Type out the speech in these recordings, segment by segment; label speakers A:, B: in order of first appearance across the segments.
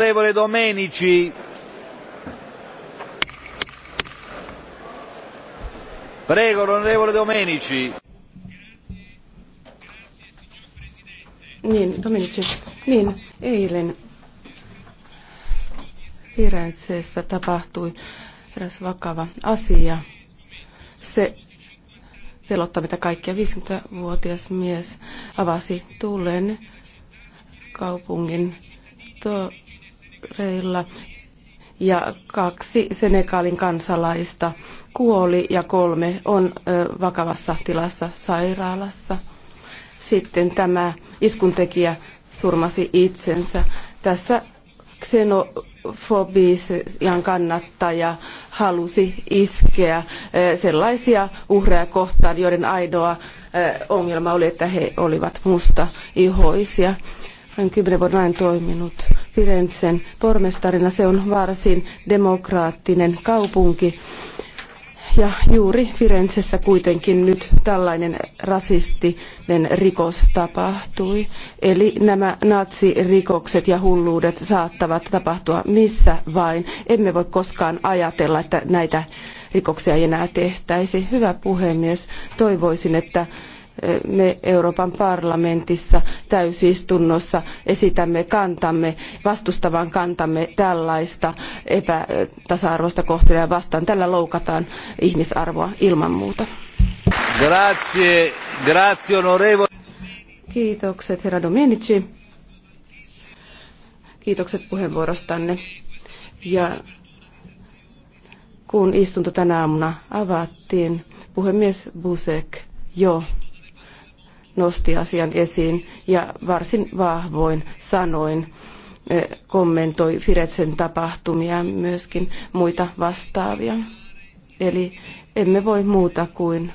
A: Onorevole Domenici. Prego, onorevole Domenici.
B: Niin, Domenici. Niin, eilen Firenzeessä tapahtui eräs vakava asia. Se pelottaa mitä kaikkia. 50-vuotias mies avasi tullen kaupungin to- matkoilla ja kaksi Senegalin kansalaista kuoli ja kolme on vakavassa tilassa sairaalassa. Sitten tämä iskuntekijä surmasi itsensä. Tässä xenofobian kannattaja halusi iskeä sellaisia uhreja kohtaan, joiden ainoa ongelma oli, että he olivat musta ihoisia. Olen kymmenen vuoden ajan toiminut Firenzen pormestarina. Se on varsin demokraattinen kaupunki. Ja juuri Firenzessä kuitenkin nyt tällainen rasistinen rikos tapahtui. Eli nämä natsirikokset ja hulluudet saattavat tapahtua missä vain. Emme voi koskaan ajatella, että näitä rikoksia ei enää tehtäisi. Hyvä puhemies, toivoisin, että me Euroopan parlamentissa täysistunnossa esitämme kantamme, vastustavan kantamme tällaista epätasa-arvoista kohtelua vastaan. Tällä loukataan ihmisarvoa ilman muuta.
A: Grazie, grazie onorevole.
B: Kiitokset herra Domenici. Kiitokset puheenvuorostanne. Ja kun istunto tänä aamuna avattiin, puhemies Busek jo nosti asian esiin ja varsin vahvoin sanoin kommentoi Firetsen tapahtumia ja myöskin muita vastaavia. Eli emme voi muuta kuin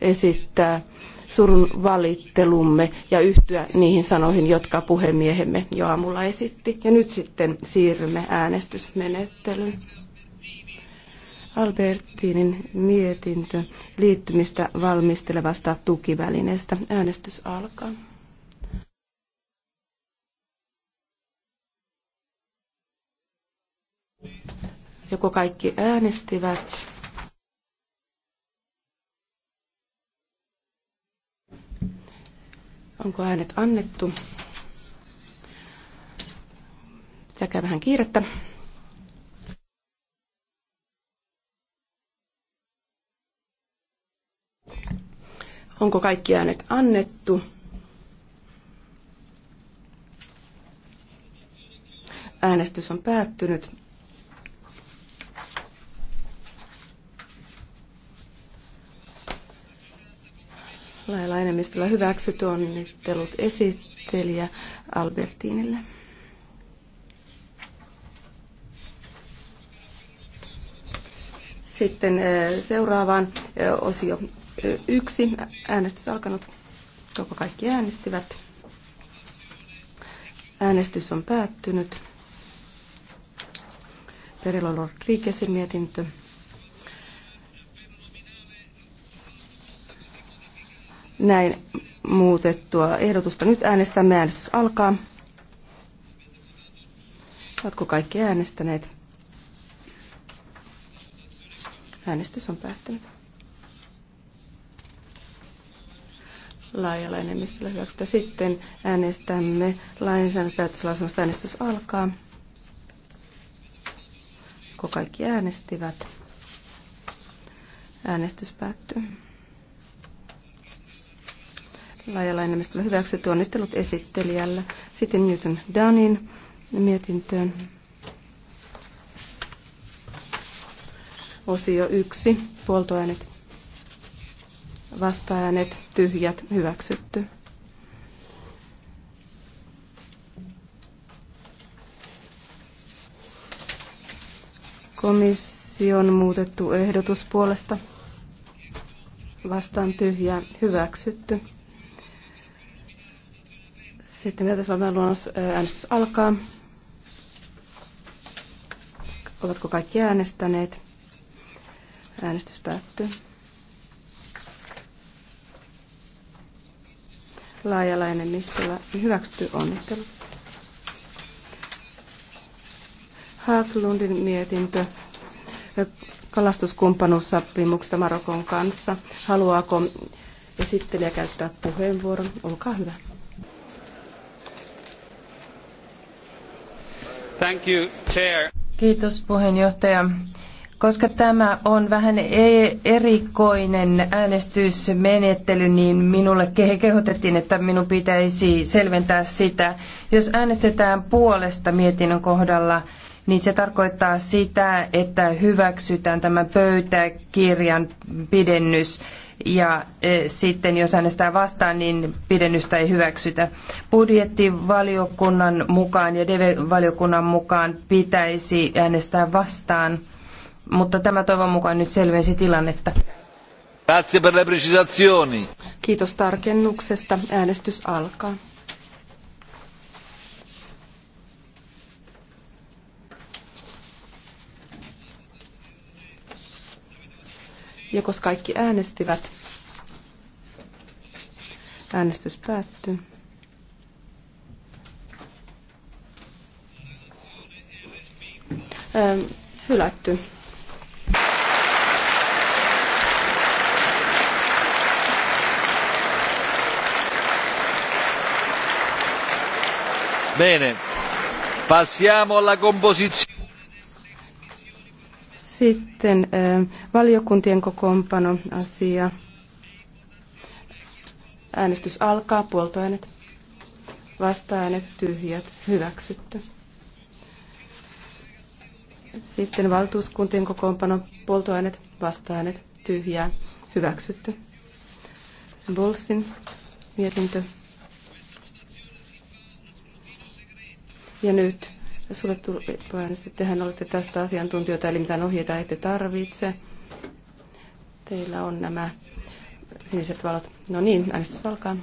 B: esittää surun valittelumme ja yhtyä niihin sanoihin, jotka puhemiehemme jo aamulla esitti. Ja nyt sitten siirrymme äänestysmenettelyyn. Albertinin mietintö liittymistä valmistelevasta tukivälineestä. Äänestys alkaa. Joko kaikki äänestivät? Onko äänet annettu? Pitäkää vähän kiirettä. Onko kaikki äänet annettu? Äänestys on päättynyt. Lailla enemmistöllä hyväksyt onnittelut esittelijä Albertinille. Sitten eh, seuraavaan eh, osio yksi. Äänestys alkanut. Koko kaikki äänestivät? Äänestys on päättynyt. Perilo Rodriguezin mietintö. Näin muutettua ehdotusta nyt äänestämme. Äänestys alkaa. Oletko kaikki äänestäneet? Äänestys on päättynyt. laajalla enemmistöllä hyväksytä. Sitten äänestämme lainsäädäntöpäätöslausunnosta. Äänestys alkaa. Kun kaikki äänestivät, äänestys päättyy. Laajalla enemmistöllä hyväksytty onnittelut esittelijällä. Sitten Newton Dunnin mietintöön. Osio 1, puoltoäänet vastaäänet tyhjät hyväksytty. Komission muutettu ehdotus puolesta vastaan tyhjä hyväksytty. Sitten vielä tässä luonnos äänestys alkaa. Ovatko kaikki äänestäneet? Äänestys päättyy. laajalla enemmistöllä hyväksytty onnittelu. Haaklundin mietintö kalastuskumppanuussopimuksesta Marokon kanssa. Haluaako esittelijä käyttää puheenvuoron?
A: Olkaa hyvä. Thank you, chair. Kiitos puheenjohtaja. Koska tämä on vähän e- erikoinen äänestysmenettely, niin minulle kehotettiin, että minun pitäisi selventää sitä. Jos äänestetään puolesta mietinnön kohdalla, niin se tarkoittaa sitä, että hyväksytään tämä pöytäkirjan pidennys ja e, sitten jos äänestää vastaan, niin pidennystä ei hyväksytä. Budjettivaliokunnan mukaan ja DV-valiokunnan mukaan pitäisi äänestää vastaan mutta tämä toivon mukaan nyt selvensi tilannetta. per le Kiitos tarkennuksesta.
B: Äänestys alkaa. Ja kaikki äänestivät, äänestys päättyy. Ähm, hylätty.
A: Bene. Passiamo alla composizione.
B: Sitten eh, valiokuntien kokoonpano asia. Äänestys alkaa. Puoltoäänet. Vastaäänet tyhjät. Hyväksytty. Sitten valtuuskuntien kokoonpano. Puoltoäänet. Vastaäänet tyhjää. Hyväksytty. Bolsin mietintö Ja nyt että tehän olette tästä asiantuntijoita, eli mitään ohjeita ette tarvitse. Teillä on nämä siniset valot. No niin, äänestys alkaa.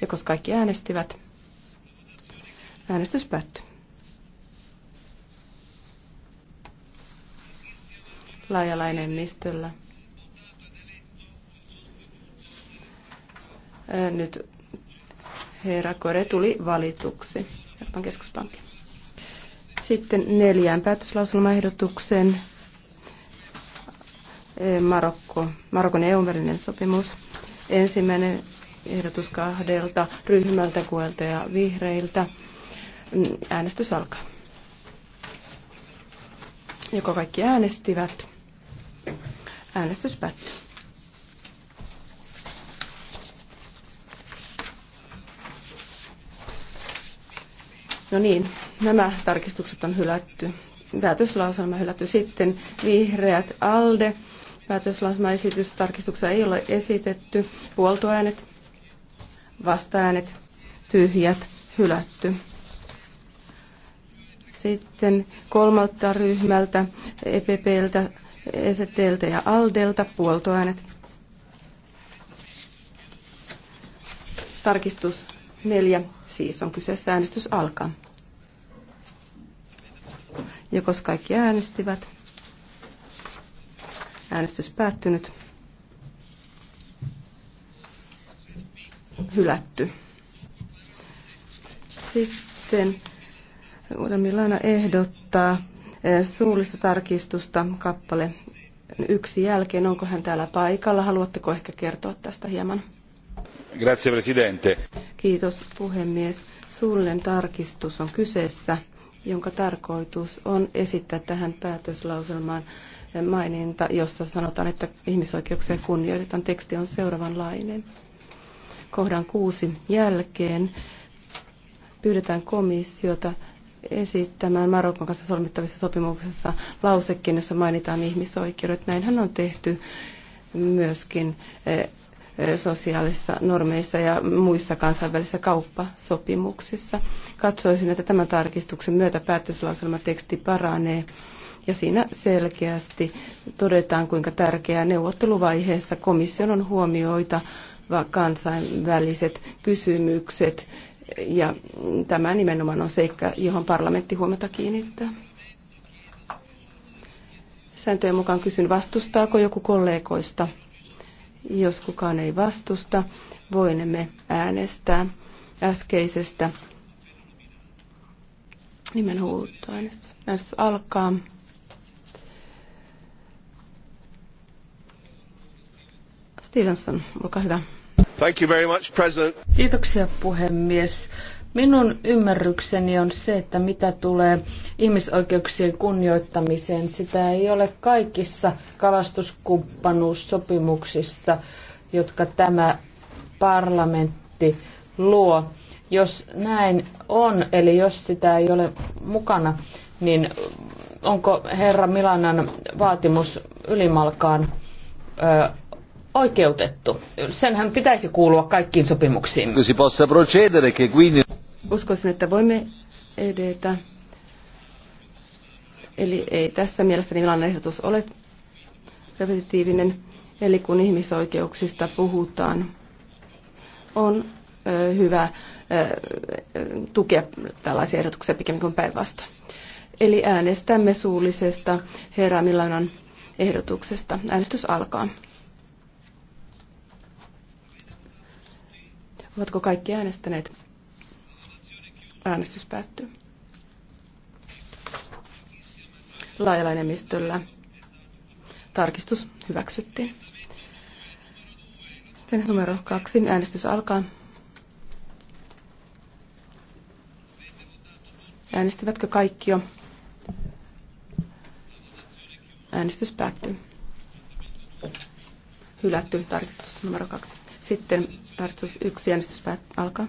B: Ja koska kaikki äänestivät, äänestys päättyy. Laajalla enemmistöllä. Nyt herra Kore tuli valituksi Euroopan keskuspankki. Sitten neljään päätöslauselmaehdotukseen eh, Marokko, Marokon eu välinen sopimus. Ensimmäinen ehdotus kahdelta ryhmältä, kuelta ja vihreiltä. Mm, äänestys alkaa. Joko kaikki äänestivät? Äänestys päättyy. No niin, nämä tarkistukset on hylätty. Päätöslauselma hylätty sitten. Vihreät ALDE. Päätöslauselmaesitys tarkistuksessa ei ole esitetty. Puoltoäänet, vastaäänet, tyhjät, hylätty. Sitten kolmalta ryhmältä, EPPltä, STltä e ja ALDElta puoltoäänet. Tarkistus neljä, siis on kyseessä äänestys alkaa. Ja koska kaikki äänestivät, äänestys päättynyt, hylätty. Sitten Ulla Milana ehdottaa eh, suullista tarkistusta kappale yksi jälkeen. Onko hän täällä paikalla? Haluatteko ehkä kertoa tästä hieman?
A: Grazie, Presidente.
B: Kiitos puhemies. Suullinen tarkistus on kyseessä jonka tarkoitus on esittää tähän päätöslauselmaan maininta, jossa sanotaan, että ihmisoikeuksia kunnioitetaan. Teksti on seuraavanlainen. Kohdan kuusi jälkeen pyydetään komissiota esittämään Marokon kanssa solmittavissa sopimuksessa lausekkeen, jossa mainitaan ihmisoikeudet. Näinhän on tehty myöskin eh, sosiaalisissa normeissa ja muissa kansainvälisissä kauppasopimuksissa. Katsoisin, että tämän tarkistuksen myötä päätöslauselmateksti paranee ja siinä selkeästi todetaan, kuinka tärkeää neuvotteluvaiheessa komission on huomioita kansainväliset kysymykset ja tämä nimenomaan on seikka, johon parlamentti huomata kiinnittää. Sääntöjen mukaan kysyn, vastustaako joku kollegoista jos kukaan ei vastusta, voinemme äänestää äskeisestä nimenhuutoäänestys. Äänestys alkaa. Stevenson, olkaa hyvä.
A: Thank you very much, President.
B: Kiitoksia puhemies. Minun ymmärrykseni on se, että mitä tulee ihmisoikeuksien kunnioittamiseen, sitä ei ole kaikissa kalastuskumppanuussopimuksissa, jotka tämä parlamentti luo. Jos näin on, eli jos sitä ei ole mukana, niin onko herra Milanan vaatimus ylimalkaan ö, oikeutettu? Senhän pitäisi kuulua kaikkiin sopimuksiin.
A: Si possa procedere, che quindi
B: uskoisin, että voimme edetä. Eli ei tässä mielestäni millainen ehdotus ole repetitiivinen. Eli kun ihmisoikeuksista puhutaan, on ö, hyvä ö, tukea tällaisia ehdotuksia pikemmin kuin päinvastoin. Eli äänestämme suullisesta herra Milanan ehdotuksesta. Äänestys alkaa. Ovatko kaikki äänestäneet? Äänestys päättyy. Laajalla enemmistöllä tarkistus hyväksyttiin. Sitten numero kaksi. Äänestys alkaa. Äänestivätkö kaikki jo? Äänestys päättyy. Hylätty tarkistus numero kaksi. Sitten tarkistus yksi. Äänestys päät- alkaa.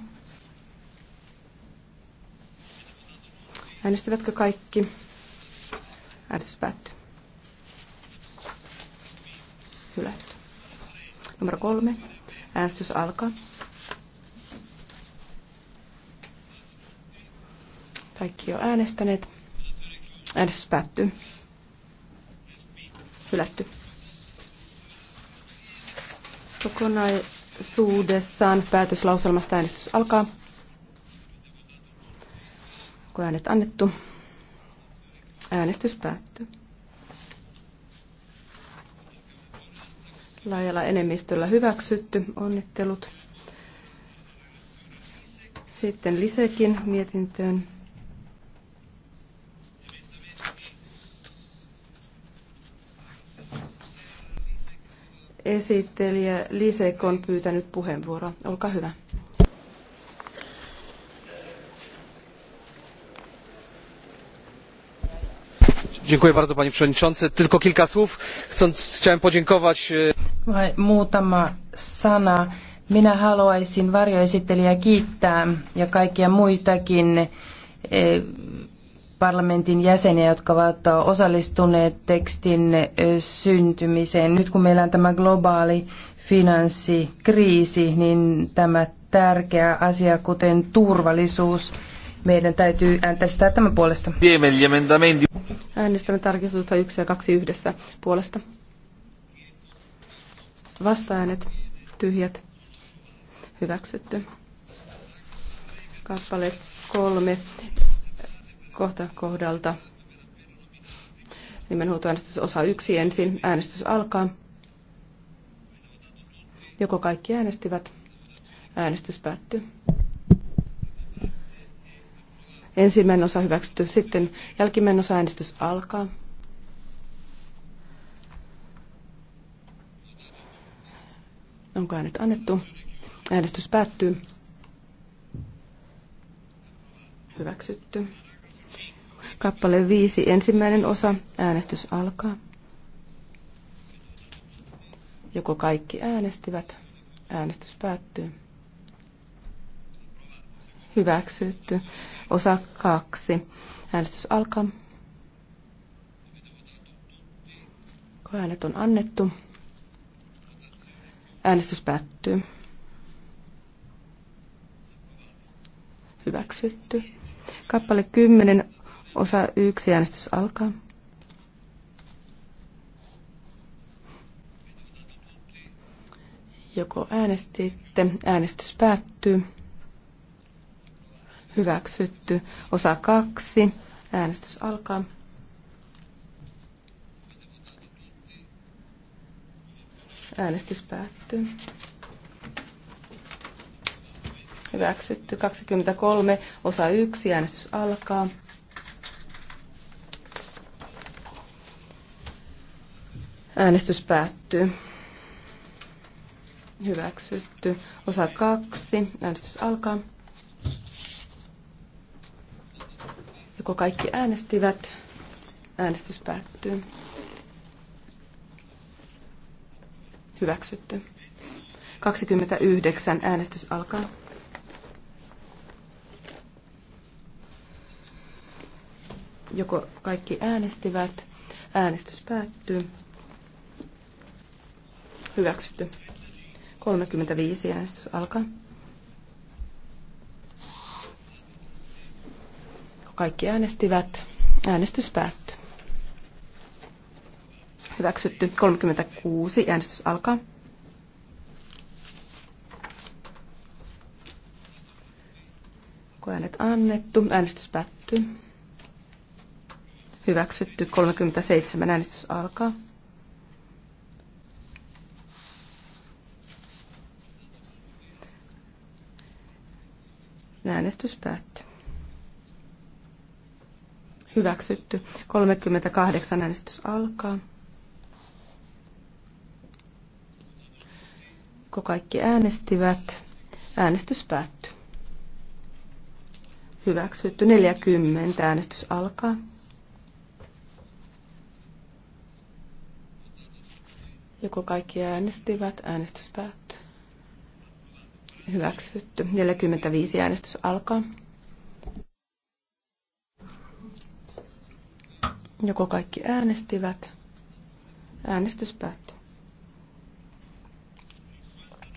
B: Äänestivätkö kaikki? Äänestys päättyy. Hylätty. Numero kolme. Äänestys alkaa. Kaikki jo äänestäneet. Äänestys päättyy. Hylätty. Kokonaisuudessaan päätöslauselmasta äänestys alkaa kun äänet annettu? Äänestys päättyy. Laajalla enemmistöllä hyväksytty. Onnittelut. Sitten Lisekin mietintöön. Esittelijä Lisek on pyytänyt puheenvuoroa. Olkaa hyvä.
A: panie przewodniczący! tylko kilka słów. chciałem podziękować. muutama sana. Minä haluaisin varjoesittelijä kiittää ja kaikkia muitakin parlamentin jäseniä, jotka ovat osallistuneet tekstin syntymiseen. Nyt kun meillä on tämä globaali finanssikriisi, niin tämä tärkeä asia, kuten turvallisuus, meidän täytyy äänestää tämän puolesta. Äänestämme tarkistusta 1 ja 2
B: yhdessä puolesta. Vastaäänet, tyhjät, hyväksytty. Kappale kolme kohta kohdalta. Nimenhuutoäänestys osa yksi ensin. Äänestys alkaa. Joko kaikki äänestivät? Äänestys päättyy. Ensimmäinen osa hyväksytty, sitten jälkimmäinen osa äänestys alkaa. Onko äänet annettu? Äänestys päättyy. Hyväksytty. Kappale 5, ensimmäinen osa. Äänestys alkaa. Joko kaikki äänestivät? Äänestys päättyy hyväksytty. Osa kaksi. Äänestys alkaa. Kun äänet on annettu, äänestys päättyy. Hyväksytty. Kappale 10, osa 1, äänestys alkaa. Joko äänestitte, äänestys päättyy hyväksytty. Osa kaksi. Äänestys alkaa. Äänestys päättyy. Hyväksytty. 23. Osa 1. Äänestys alkaa. Äänestys päättyy. Hyväksytty. Osa 2. Äänestys alkaa. Joko kaikki äänestivät? Äänestys päättyy. Hyväksytty. 29. Äänestys alkaa. Joko kaikki äänestivät? Äänestys päättyy. Hyväksytty. 35. Äänestys alkaa. Kaikki äänestivät. Äänestys päättyy. Hyväksytty 36. Äänestys alkaa. Koeäänet annettu. Äänestys päättyy. Hyväksytty 37. Äänestys alkaa. Äänestys päättyy hyväksytty. 38 äänestys alkaa. Kun kaikki äänestivät, äänestys päättyy. Hyväksytty 40. Äänestys alkaa. Joko kaikki äänestivät, äänestys päättyy. Hyväksytty. 45 äänestys alkaa. Joko kaikki äänestivät? Äänestys päättyy.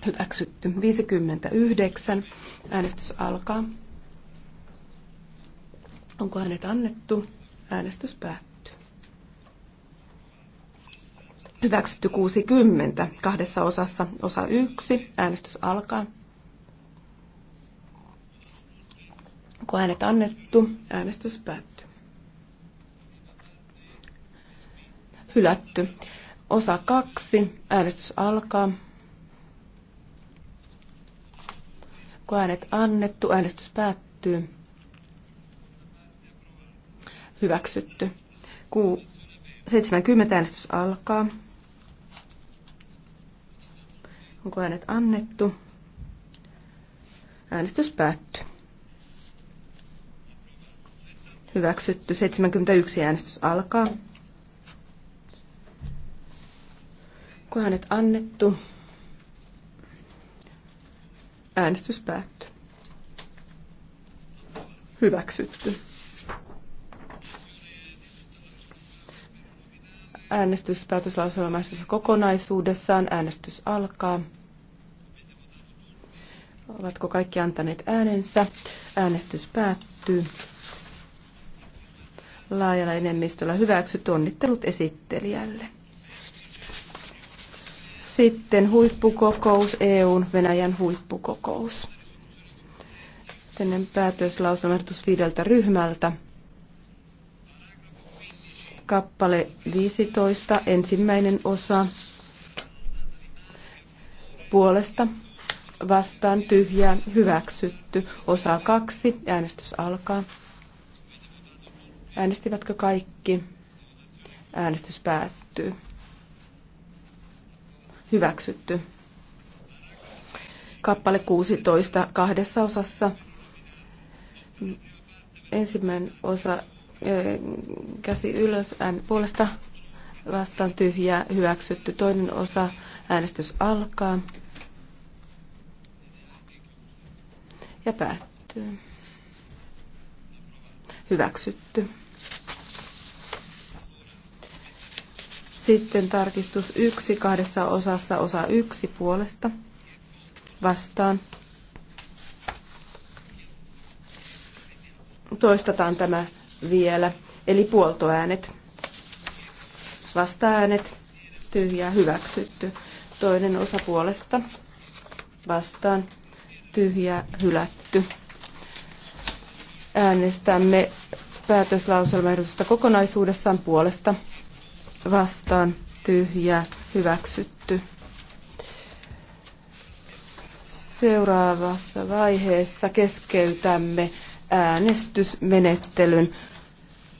B: Hyväksytty. 59. Äänestys alkaa. Onko hänet annettu? Äänestys päättyy. Hyväksytty 60. Kahdessa osassa. Osa 1. Äänestys alkaa. Onko hänet annettu? Äänestys päättyy. hylätty. Osa kaksi, äänestys alkaa. Kun äänet annettu, äänestys päättyy. Hyväksytty. Ku 70 äänestys alkaa. Onko äänet annettu? Äänestys päättyy. Hyväksytty. 71 äänestys alkaa. Onko hänet annettu? Äänestys päättyy. Hyväksytty. Äänestys päätöslauselmaisessa kokonaisuudessaan. Äänestys alkaa. Ovatko kaikki antaneet äänensä? Äänestys päättyy. Laajalla enemmistöllä hyväksytty onnittelut esittelijälle. Sitten huippukokous, EUn Venäjän huippukokous. Tänne päätöslauselmaehdotus viideltä ryhmältä. Kappale 15, ensimmäinen osa. Puolesta vastaan tyhjää hyväksytty. Osa kaksi, äänestys alkaa. Äänestivätkö kaikki? Äänestys päättyy hyväksytty. Kappale 16 kahdessa osassa. Ensimmäinen osa käsi ylös ään puolesta vastaan tyhjää hyväksytty. Toinen osa äänestys alkaa ja päättyy. Hyväksytty. Sitten tarkistus yksi kahdessa osassa osa yksi puolesta vastaan. Toistetaan tämä vielä. Eli puoltoäänet, vastaäänet, tyhjää, hyväksytty. Toinen osa puolesta, vastaan, tyhjää, hylätty. Äänestämme päätöslauselmaehdotusta kokonaisuudessaan puolesta, vastaan tyhjä, hyväksytty. Seuraavassa vaiheessa keskeytämme äänestysmenettelyn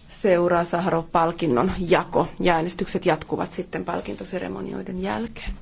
B: seuraa Saharov-palkinnon jako ja äänestykset jatkuvat sitten palkintoseremonioiden jälkeen.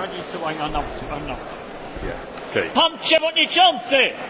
A: ready, so I announce it. Announce
B: Yeah. Okay.
A: Pan Przewodniczący!